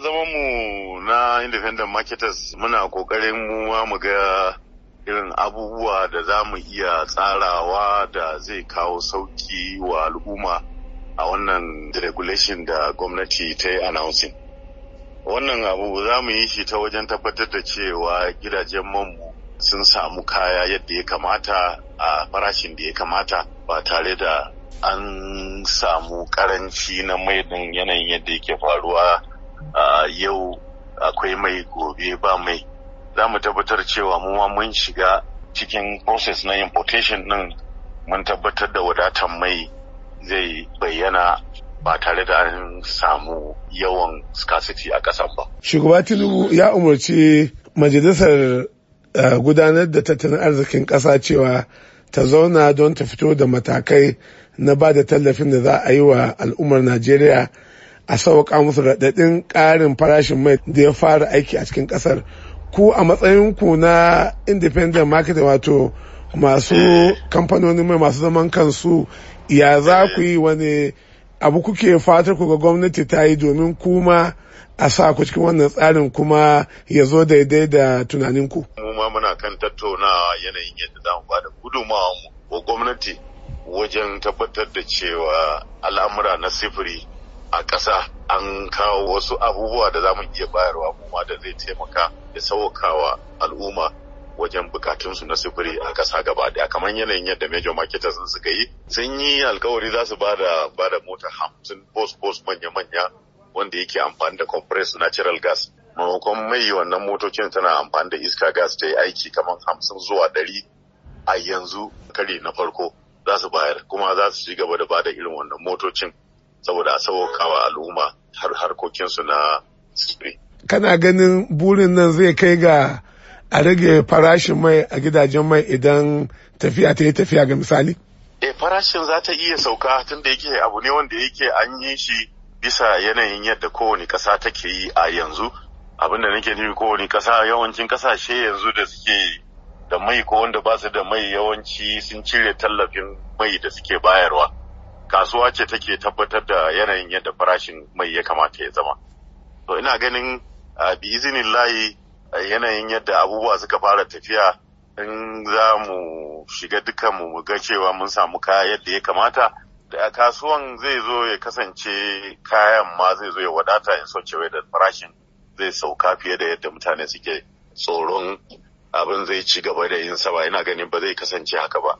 zama mu na independent marketers muna kokarin mu mu ga irin abubuwa da za mu iya tsarawa da zai kawo sauki wa al'umma a wannan regulation da gwamnati ta yi announcing wannan abu za mu yi shi ta wajen tabbatar da cewa gidajen manmu sun samu kaya yadda ya kamata a farashin da ya kamata ba tare da an samu karanci na maidin yanayin yadda yake faruwa yau akwai mai gobe ba mai za mu tabbatar cewa mu ma mun shiga cikin process na importation din mun tabbatar da wadatar mai zai bayyana ba tare da an samu yawan scarcity a kasan ba. Shugaba Tinubu ya umarci majalisar gudanar da tattalin arzikin ƙasa cewa ta zauna don ta fito da matakai na ba da tallafin da za a yi wa al'ummar Najeriya a sauƙa musu raɗaɗin ƙarin farashin mai da ya fara aiki a cikin ƙasar ku a matsayinku na independent market wato masu kamfanonin mai masu zaman kansu ya za ku yi wani abu kuke fatar ku ga gwamnati ta yi domin kuma a sa ku cikin wannan tsarin kuma ya zo daidai da tunaninku. mu ma muna kan tattaunawa yanayin yadda za mu ba da gudunmawa wa gwamnati wajen tabbatar da cewa al'amura na sifiri a ƙasa an kawo wasu abubuwa da za mu iya bayarwa kuma da zai taimaka da sauƙawa al'umma wajen bukatunsu na sufuri a ƙasa gaba daya kamar yanayin yadda major marketers sun suka yi sun yi alkawari za su ba da ba da mota hamsin bos bos manya manya wanda yake amfani da compressed natural gas maimakon mai wannan motocin tana amfani da iska gas ta yi aiki kamar hamsin zuwa ɗari a yanzu kari na farko za su bayar kuma za su ci gaba da ba da irin wannan motocin saboda a sauƙawa al'umma har harkokinsu na tsire. Kana ganin burin nan zai kai ga a rage farashin mai a gidajen mai idan tafiya ta yi tafiya ga misali? E farashin za ta iya sauka tun da yake abu ne wanda yake an yi shi bisa yanayin yadda kowane ƙasa take yi a yanzu. Abin da nake nufi kowane ƙasa yawancin ƙasashe yanzu da suke da mai ko wanda ba su da mai yawanci sun cire tallafin mai da suke bayarwa. kasuwa ce take tabbatar da yanayin yadda farashin mai ya kamata ya zama to ina ganin bi izinin layi yanayin yadda abubuwa suka fara tafiya in za mu shiga dukan mu ga cewa mun samu kaya yadda ya kamata da kasuwan zai zo ya kasance kayan ma zai zo ya wadata in so cewa da farashin zai sauka fiye da yadda mutane suke tsoron abin zai ci gaba da yin sa ina ganin ba zai kasance haka ba